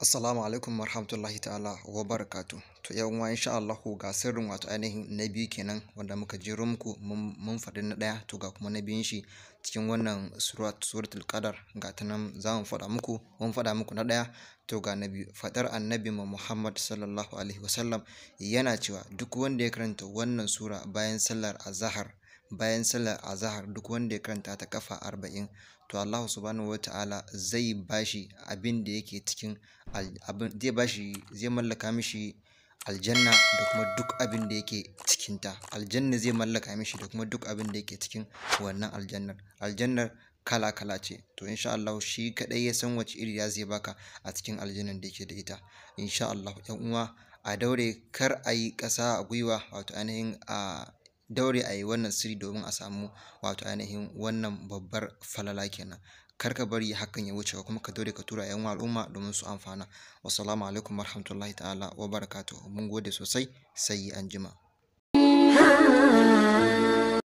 Assalamu alaikum warahmatullahi ta'ala wa barakatu. To yau ma insha Allah ga sirrin wato ainihin na biyu kenan wanda muka jero muku mun faɗi na ɗaya to ga kuma na biyun shi cikin wannan surat suratul qadar ga ta nan za mu faɗa muku mun faɗa muku na ɗaya to ga na biyu faɗar annabi mu Muhammad sallallahu alaihi wasallam yana cewa duk wanda ya karanta wannan sura bayan sallar azhar bayan sallar azahar duk wanda ya karanta ta kafa arba'in to Allah subhanahu ta'ala zai bashi abin da yake cikin zai bashi zai mallaka mishi aljanna da kuma duk abin da yake cikinta aljanna zai mallaka mishi da kuma duk abin da yake cikin wannan aljannar aljannar kala kala ce to insha Allah shi kadai ya san wace iri zai baka a cikin aljannar da yake da ita insha Allah yan uwa a daure kar a yi ƙasa a gwiwa wato ainihin a daure a yi wannan siri domin a samu wato ainihin wannan babbar falala kenan kar ka bari hakan ya wuce kuma ka daure ka tura yan al'umma domin su amfana wasalamu alaikum warahmatullahi ta'ala wa barakatuhu mun gode sosai sai anjima jima